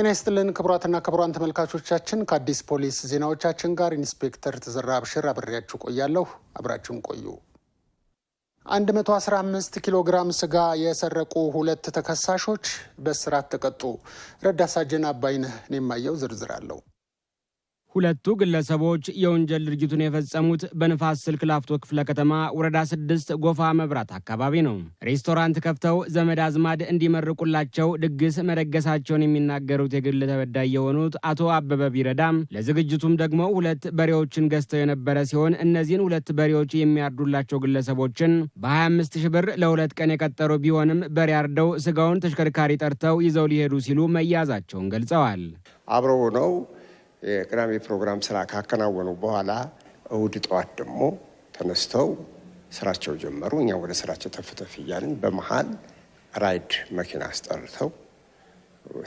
ጤና ይስጥልን ክቡራትና ክቡራን ተመልካቾቻችን ከአዲስ ፖሊስ ዜናዎቻችን ጋር ኢንስፔክተር ተዘራ አብሽር አብሬያችሁ ቆያለሁ። አብራችሁን ቆዩ። 115 ኪሎ ግራም ስጋ የሰረቁ ሁለት ተከሳሾች በእስራት ተቀጡ። ረዳሳጅን ሳጅን አባይነህ ኔማየው ዝርዝር አለው። ሁለቱ ግለሰቦች የወንጀል ድርጊቱን የፈጸሙት በንፋስ ስልክ ላፍቶ ክፍለ ከተማ ወረዳ ስድስት ጎፋ መብራት አካባቢ ነው። ሬስቶራንት ከፍተው ዘመድ አዝማድ እንዲመርቁላቸው ድግስ መደገሳቸውን የሚናገሩት የግል ተበዳይ የሆኑት አቶ አበበ ቢረዳም ለዝግጅቱም ደግሞ ሁለት በሬዎችን ገዝተው የነበረ ሲሆን እነዚህን ሁለት በሬዎች የሚያርዱላቸው ግለሰቦችን በ25 ሺህ ብር ለሁለት ቀን የቀጠሩ ቢሆንም በሬ አርደው ስጋውን ተሽከርካሪ ጠርተው ይዘው ሊሄዱ ሲሉ መያዛቸውን ገልጸዋል። አብረው ነው የቅዳሜ ፕሮግራም ስራ ካከናወኑ በኋላ እሁድ ጠዋት ደግሞ ተነስተው ስራቸው ጀመሩ። እኛ ወደ ስራቸው ተፍተፍ እያልን በመሀል ራይድ መኪና አስጠርተው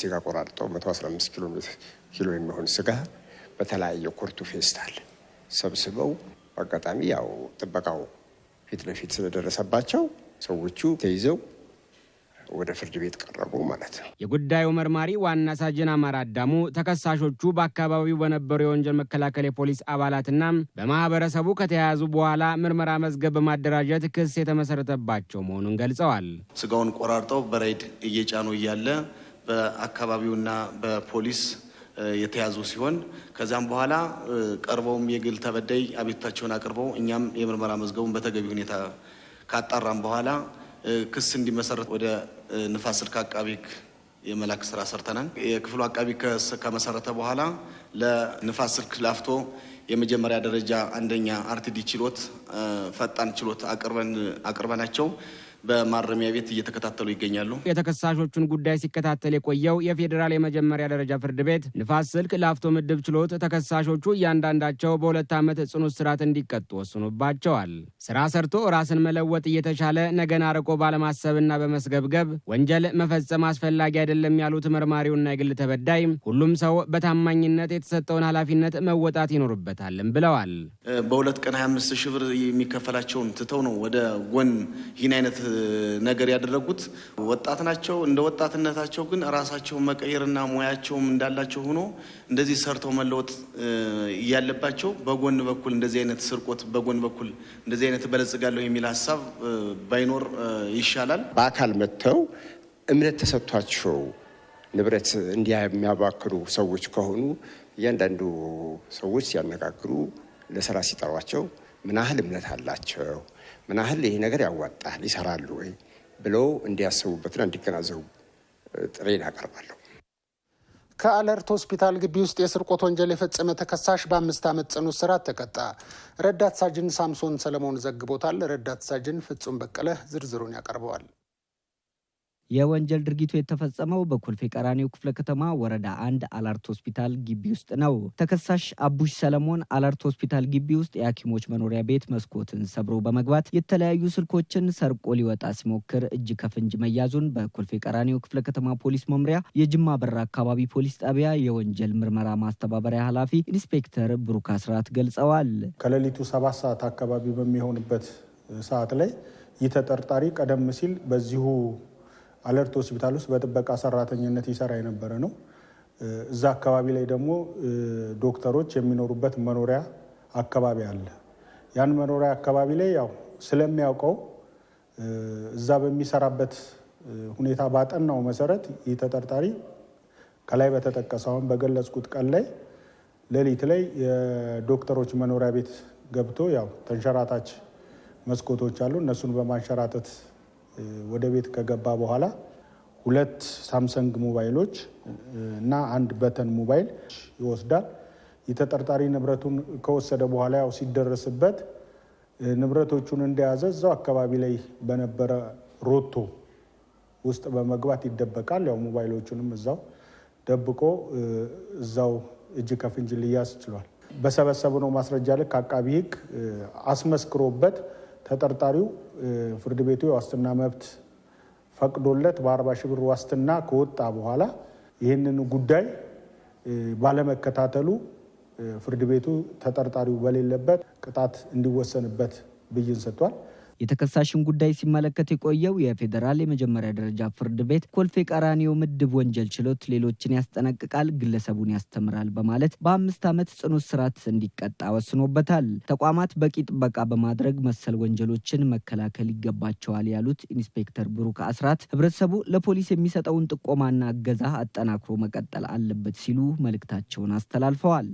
ስጋ ቆራርጠው 115 ኪሎ ኪሎ የሚሆን ስጋ በተለያየ ኮርቱ ፌስታል ሰብስበው አጋጣሚ ያው ጥበቃው ፊት ለፊት ስለደረሰባቸው ሰዎቹ ተይዘው ወደ ፍርድ ቤት ቀረቡ ማለት ነው። የጉዳዩ መርማሪ ዋና ሳጅን አማራ አዳሙ ተከሳሾቹ በአካባቢው በነበሩ የወንጀል መከላከል የፖሊስ አባላትና በማህበረሰቡ ከተያያዙ በኋላ ምርመራ መዝገብ በማደራጀት ክስ የተመሰረተባቸው መሆኑን ገልጸዋል። ስጋውን ቆራርጠው በሬድ እየጫኑ እያለ በአካባቢውና በፖሊስ የተያዙ ሲሆን ከዚያም በኋላ ቀርበውም የግል ተበዳይ አቤቱታቸውን አቅርበው እኛም የምርመራ መዝገቡን በተገቢ ሁኔታ ካጣራም በኋላ ክስ እንዲመሰረት ወደ ንፋስ ስልክ አቃቢ የመላክ ስራ ሰርተናል። የክፍሉ አቃቢ ከመሰረተ በኋላ ለንፋስ ስልክ ላፍቶ የመጀመሪያ ደረጃ አንደኛ አርቲዲ ችሎት ፈጣን ችሎት አቅርበናቸው በማረሚያ ቤት እየተከታተሉ ይገኛሉ። የተከሳሾቹን ጉዳይ ሲከታተል የቆየው የፌዴራል የመጀመሪያ ደረጃ ፍርድ ቤት ንፋስ ስልክ ላፍቶ ምድብ ችሎት ተከሳሾቹ እያንዳንዳቸው በሁለት ዓመት ጽኑ እስራት እንዲቀጡ ወስኑባቸዋል። ስራ ሰርቶ ራስን መለወጥ እየተቻለ ነገን አርቆ ባለማሰብና በመስገብገብ ወንጀል መፈጸም አስፈላጊ አይደለም ያሉት መርማሪውና የግል ተበዳይ ሁሉም ሰው በታማኝነት የተሰጠውን ኃላፊነት መወጣት ይኖርበታልም ብለዋል። በሁለት ቀን 25 ሺህ ብር የሚከፈላቸውን ትተው ነው ወደ ጎን ይህን አይነት ነገር ያደረጉት ወጣት ናቸው። እንደ ወጣትነታቸው ግን ራሳቸውን መቀየርና ሙያቸውም እንዳላቸው ሆኖ እንደዚህ ሰርተው መለወጥ እያለባቸው በጎን በኩል እንደዚህ አይነት ስርቆት፣ በጎን በኩል እንደዚህ አይነት በለጽጋለሁ የሚል ሀሳብ ባይኖር ይሻላል። በአካል መጥተው እምነት ተሰጥቷቸው ንብረት እንዲያ የሚያባክሩ ሰዎች ከሆኑ እያንዳንዱ ሰዎች ሲያነጋግሩ ለስራ ሲጠሯቸው ምን ያህል እምነት አላቸው ምን ያህል ይሄ ነገር ያዋጣል፣ ይሰራሉ ወይ ብለው እንዲያስቡበትና እንዲገናዘቡ ጥሬን አቀርባለሁ። ከአለርት ሆስፒታል ግቢ ውስጥ የስርቆት ወንጀል የፈጸመ ተከሳሽ በአምስት ዓመት ጽኑ እስራት ተቀጣ። ረዳት ሳጅን ሳምሶን ሰለሞን ዘግቦታል። ረዳት ሳጅን ፍጹም በቀለ ዝርዝሩን ያቀርበዋል። የወንጀል ድርጊቱ የተፈጸመው በኮልፌ ቀራኒው ክፍለ ከተማ ወረዳ አንድ አላርት ሆስፒታል ግቢ ውስጥ ነው። ተከሳሽ አቡሽ ሰለሞን አላርት ሆስፒታል ግቢ ውስጥ የሐኪሞች መኖሪያ ቤት መስኮትን ሰብሮ በመግባት የተለያዩ ስልኮችን ሰርቆ ሊወጣ ሲሞክር እጅ ከፍንጅ መያዙን በኮልፌ ቀራኒው ክፍለ ከተማ ፖሊስ መምሪያ የጅማ በራ አካባቢ ፖሊስ ጣቢያ የወንጀል ምርመራ ማስተባበሪያ ኃላፊ ኢንስፔክተር ብሩክ አስራት ገልጸዋል። ከሌሊቱ ሰባት ሰዓት አካባቢ በሚሆንበት ሰዓት ላይ ይህ ተጠርጣሪ ቀደም ሲል በዚሁ አለርት ሆስፒታል ውስጥ በጥበቃ ሰራተኝነት ይሰራ የነበረ ነው። እዛ አካባቢ ላይ ደግሞ ዶክተሮች የሚኖሩበት መኖሪያ አካባቢ አለ። ያን መኖሪያ አካባቢ ላይ ያው ስለሚያውቀው እዛ በሚሰራበት ሁኔታ ባጠናው መሰረት ይህ ተጠርጣሪ ከላይ በተጠቀሰው አሁን በገለጽኩት ቀን ላይ ሌሊት ላይ የዶክተሮች መኖሪያ ቤት ገብቶ ያው ተንሸራታች መስኮቶች አሉ እነሱን በማንሸራተት ወደ ቤት ከገባ በኋላ ሁለት ሳምሰንግ ሞባይሎች እና አንድ በተን ሞባይል ይወስዳል። የተጠርጣሪ ንብረቱን ከወሰደ በኋላ ያው ሲደረስበት ንብረቶቹን እንደያዘ እዛው አካባቢ ላይ በነበረ ሮቶ ውስጥ በመግባት ይደበቃል። ያው ሞባይሎቹንም እዛው ደብቆ እዛው እጅ ከፍንጅ ሊያዝ ችሏል። በሰበሰብነው ማስረጃ ልክ አቃቢ ሕግ አስመስክሮበት ተጠርጣሪው ፍርድ ቤቱ የዋስትና መብት ፈቅዶለት በአርባ ሺህ ብር ዋስትና ከወጣ በኋላ ይህንን ጉዳይ ባለመከታተሉ ፍርድ ቤቱ ተጠርጣሪው በሌለበት ቅጣት እንዲወሰንበት ብይን ሰጥቷል። የተከሳሽን ጉዳይ ሲመለከት የቆየው የፌዴራል የመጀመሪያ ደረጃ ፍርድ ቤት ኮልፌ ቀራኒዮ ምድብ ወንጀል ችሎት ሌሎችን ያስጠነቅቃል፣ ግለሰቡን ያስተምራል በማለት በአምስት ዓመት ጽኑ እስራት እንዲቀጣ ወስኖበታል። ተቋማት በቂ ጥበቃ በማድረግ መሰል ወንጀሎችን መከላከል ይገባቸዋል ያሉት ኢንስፔክተር ብሩክ አስራት ህብረተሰቡ ለፖሊስ የሚሰጠውን ጥቆማና እገዛ አጠናክሮ መቀጠል አለበት ሲሉ መልእክታቸውን አስተላልፈዋል።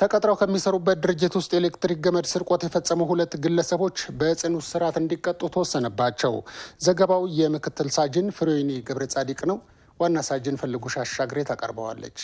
ተቀጥረው ከሚሰሩበት ድርጅት ውስጥ ኤሌክትሪክ ገመድ ስርቆት የፈጸሙ ሁለት ግለሰቦች በጽኑ እስራት እንዲቀጡ ተወሰነባቸው። ዘገባው የምክትል ሳጅን ፍሬኒ ገብረ ጻዲቅ ነው። ዋና ሳጅን ፈልጉሽ አሻግሬ ታቀርበዋለች።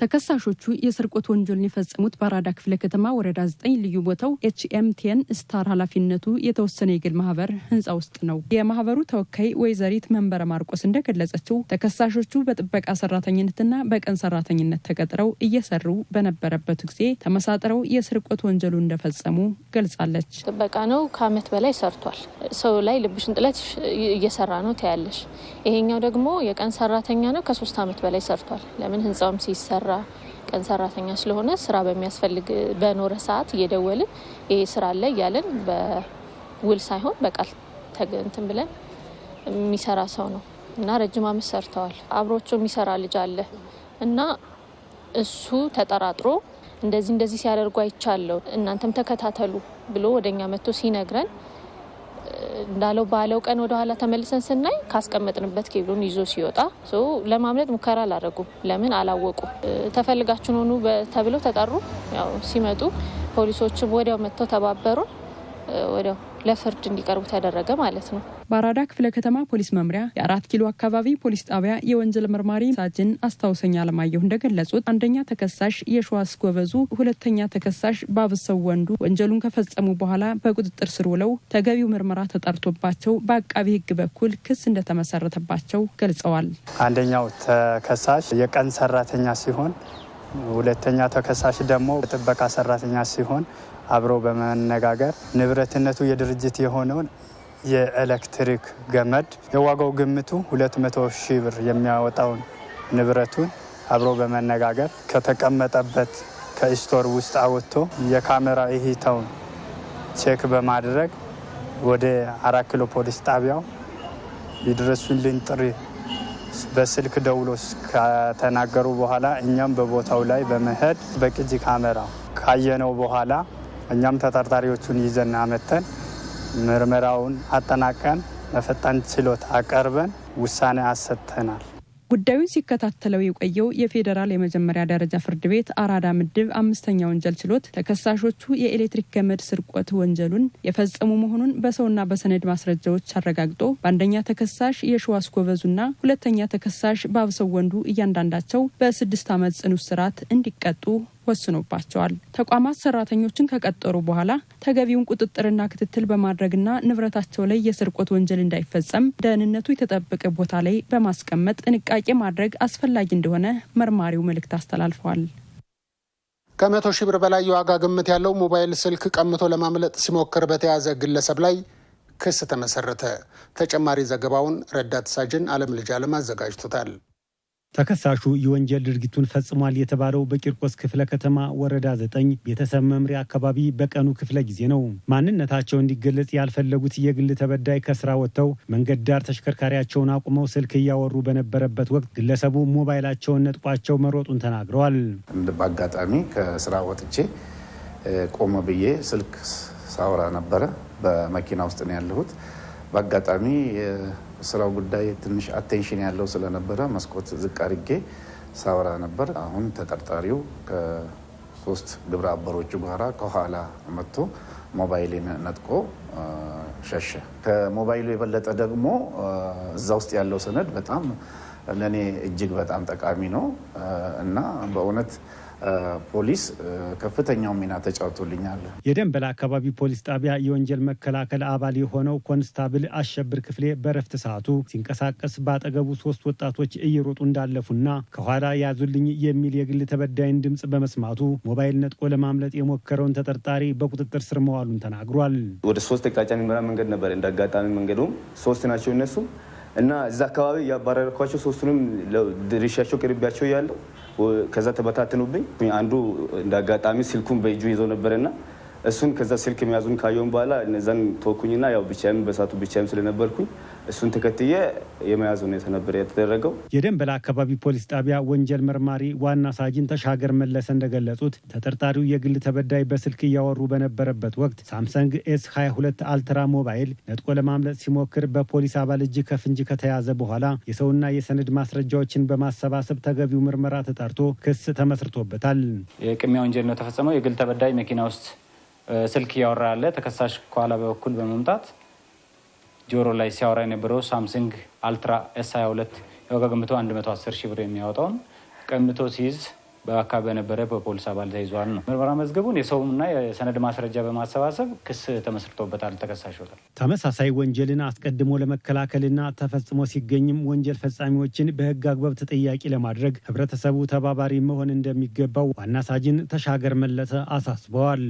ተከሳሾቹ የስርቆት ወንጀልን የፈጸሙት በአራዳ ክፍለ ከተማ ወረዳ 9 ልዩ ቦታው ኤችኤምቲኤን ስታር ኃላፊነቱ የተወሰነ የግል ማህበር ህንፃ ውስጥ ነው። የማህበሩ ተወካይ ወይዘሪት መንበረ ማርቆስ እንደገለጸችው ተከሳሾቹ በጥበቃ ሰራተኝነትና በቀን ሰራተኝነት ተቀጥረው እየሰሩ በነበረበት ጊዜ ተመሳጥረው የስርቆት ወንጀሉ እንደፈጸሙ ገልጻለች። ጥበቃ ነው፣ ከአመት በላይ ሰርቷል። ሰው ላይ ልብሽን ጥለት እየሰራ ነው ትያለሽ። ይሄኛው ደግሞ የቀን ሰራተኛ ነው፣ ከሶስት አመት በላይ ሰርቷል። ለምን ህንፃውም ሲሰራ የሚሰራ ቀን ሰራተኛ ስለሆነ ስራ በሚያስፈልግ በኖረ ሰዓት እየደወልን ይሄ ስራ አለ እያለን በውል ሳይሆን በቃል ተገንትን ብለን የሚሰራ ሰው ነው እና ረጅም አመት ሰርተዋል። አብሮቸው የሚሰራ ልጅ አለ እና እሱ ተጠራጥሮ እንደዚህ እንደዚህ ሲያደርጉ አይቻለሁ እናንተም ተከታተሉ ብሎ ወደኛ መጥቶ ሲነግረን እንዳለው ባለው ቀን ወደኋላ ተመልሰን ስናይ ካስቀመጥንበት ኬብሉን ይዞ ሲወጣ ለማምለጥ ሙከራ አላደረጉም። ለምን አላወቁ። ተፈልጋችን ሆኑ ተብለው ተጠሩ። ያው ሲመጡ ፖሊሶችም ወዲያው መጥተው ተባበሩን። ወዲያው ለፍርድ እንዲቀርቡ ተደረገ ማለት ነው። በአራዳ ክፍለ ከተማ ፖሊስ መምሪያ የአራት ኪሎ አካባቢ ፖሊስ ጣቢያ የወንጀል መርማሪ ሳጅን አስታውሰኝ አለማየሁ እንደገለጹት አንደኛ ተከሳሽ የሸዋስ ጎበዙ፣ ሁለተኛ ተከሳሽ ባብሰው ወንዱ ወንጀሉን ከፈጸሙ በኋላ በቁጥጥር ስር ውለው ተገቢው ምርመራ ተጠርቶባቸው በአቃቢ ሕግ በኩል ክስ እንደተመሰረተባቸው ገልጸዋል። አንደኛው ተከሳሽ የቀን ሰራተኛ ሲሆን ሁለተኛ ተከሳሽ ደግሞ ጥበቃ ሰራተኛ ሲሆን አብረው በመነጋገር ንብረትነቱ የድርጅት የሆነውን የኤሌክትሪክ ገመድ የዋጋው ግምቱ 200 ሺ ብር የሚያወጣውን ንብረቱን አብሮ በመነጋገር ከተቀመጠበት ከስቶር ውስጥ አወጥቶ የካሜራ እይታውን ቼክ በማድረግ ወደ አራት ኪሎ ፖሊስ ጣቢያው ይድረሱልን ጥሪ በስልክ ደውሎ ከተናገሩ በኋላ እኛም በቦታው ላይ በመሄድ በቅጂ ካሜራ ካየነው በኋላ እኛም ተጠርጣሪዎቹን ይዘን አመተን ምርመራውን አጠናቀን ለፈጣን ችሎት አቀርበን ውሳኔ አሰጥተናል። ጉዳዩን ሲከታተለው የቆየው የፌዴራል የመጀመሪያ ደረጃ ፍርድ ቤት አራዳ ምድብ አምስተኛ ወንጀል ችሎት ተከሳሾቹ የኤሌክትሪክ ገመድ ስርቆት ወንጀሉን የፈጸሙ መሆኑን በሰውና በሰነድ ማስረጃዎች አረጋግጦ በአንደኛ ተከሳሽ የሸዋስ ጎበዙና ሁለተኛ ተከሳሽ በአብሰው ወንዱ እያንዳንዳቸው በስድስት ዓመት ጽኑ እስራት እንዲቀጡ ወስኖባቸዋል። ተቋማት ሰራተኞችን ከቀጠሩ በኋላ ተገቢውን ቁጥጥርና ክትትል በማድረግና ንብረታቸው ላይ የስርቆት ወንጀል እንዳይፈጸም ደህንነቱ የተጠበቀ ቦታ ላይ በማስቀመጥ ጥንቃቄ ማድረግ አስፈላጊ እንደሆነ መርማሪው መልእክት አስተላልፈዋል። ከመቶ ሺህ ብር በላይ የዋጋ ግምት ያለው ሞባይል ስልክ ቀምቶ ለማምለጥ ሲሞክር በተያዘ ግለሰብ ላይ ክስ ተመሰረተ። ተጨማሪ ዘገባውን ረዳት ሳጅን አለም ልጅ አለም አዘጋጅቶታል። ተከሳሹ የወንጀል ድርጊቱን ፈጽሟል የተባለው በቂርቆስ ክፍለ ከተማ ወረዳ ዘጠኝ ቤተሰብ መምሪያ አካባቢ በቀኑ ክፍለ ጊዜ ነው። ማንነታቸው እንዲገለጽ ያልፈለጉት የግል ተበዳይ ከስራ ወጥተው መንገድ ዳር ተሽከርካሪያቸውን አቁመው ስልክ እያወሩ በነበረበት ወቅት ግለሰቡ ሞባይላቸውን ነጥቋቸው መሮጡን ተናግረዋል። በአጋጣሚ ከስራ ወጥቼ ቆመ ብዬ ስልክ ሳውራ ነበረ። በመኪና ውስጥ ነው ያለሁት። በአጋጣሚ ስራው ጉዳይ ትንሽ አቴንሽን ያለው ስለነበረ መስኮት ዝቅ አድርጌ ነበር። አሁን ተጠርጣሪው ከሶስት ግብረ አበሮቹ ጋራ ከኋላ መጥቶ ሞባይል ነጥቆ ሸሸ። ከሞባይሉ የበለጠ ደግሞ እዛ ውስጥ ያለው ሰነድ በጣም ለእኔ እጅግ በጣም ጠቃሚ ነው እና በእውነት ፖሊስ ከፍተኛው ሚና ተጫውቶልኛል። የደንበላ አካባቢ ፖሊስ ጣቢያ የወንጀል መከላከል አባል የሆነው ኮንስታብል አሸብር ክፍሌ በረፍት ሰዓቱ ሲንቀሳቀስ በአጠገቡ ሶስት ወጣቶች እየሮጡ እንዳለፉና ከኋላ ያዙልኝ የሚል የግል ተበዳይን ድምፅ በመስማቱ ሞባይል ነጥቆ ለማምለጥ የሞከረውን ተጠርጣሪ በቁጥጥር ስር መዋሉን ተናግሯል። ወደ ሶስት አቅጣጫ የሚመራ መንገድ ነበር። እንደ አጋጣሚ መንገዱም ሶስት ናቸው እነሱ እና እዛ አካባቢ ያባረርኳቸው ሶስቱንም ድርሻቸው ቅርቢያቸው ያለው ከዛ ተበታትኑብኝ። አንዱ እንደ አጋጣሚ ስልኩን በእጁ ይዞ ነበረና እሱን ከዛ ስልክ የሚያዙን ካየውን በኋላ እነዛን ተወኩኝና ያው ብቻዬም በሳቱ ብቻዬም ስለነበርኩኝ እሱን ተከትዬ የመያዝ ሁኔታ ነበር የተደረገው። የደንበላ አካባቢ ፖሊስ ጣቢያ ወንጀል መርማሪ ዋና ሳጅን ተሻገር መለሰ እንደገለጹት ተጠርጣሪው የግል ተበዳይ በስልክ እያወሩ በነበረበት ወቅት ሳምሰንግ ኤስ 22 አልትራ ሞባይል ነጥቆ ለማምለጥ ሲሞክር በፖሊስ አባል እጅ ከፍንጅ ከተያዘ በኋላ የሰውና የሰነድ ማስረጃዎችን በማሰባሰብ ተገቢው ምርመራ ተጣርቶ ክስ ተመስርቶበታል። የቅሚያ ወንጀል ነው የተፈጸመው። የግል ተበዳይ መኪና ውስጥ ስልክ እያወራ ያለ ተከሳሽ ከኋላ በኩል በመምጣት ጆሮ ላይ ሲያወራ የነበረው ሳምሰንግ አልትራ ኤስ 22 የዋጋ ግምቱ 110 ሺህ ብር የሚያወጣውን ቀምቶ ሲይዝ በአካባቢ በነበረ በፖሊስ አባል ተይዟል ነው። ምርመራ መዝገቡን የሰውና የሰነድ ማስረጃ በማሰባሰብ ክስ ተመስርቶበታል። ተከሳሾታል ተመሳሳይ ወንጀልን አስቀድሞ ለመከላከልና ተፈጽሞ ሲገኝም ወንጀል ፈጻሚዎችን በሕግ አግባብ ተጠያቂ ለማድረግ ህብረተሰቡ ተባባሪ መሆን እንደሚገባው ዋና ሳጅን ተሻገር መለሰ አሳስበዋል።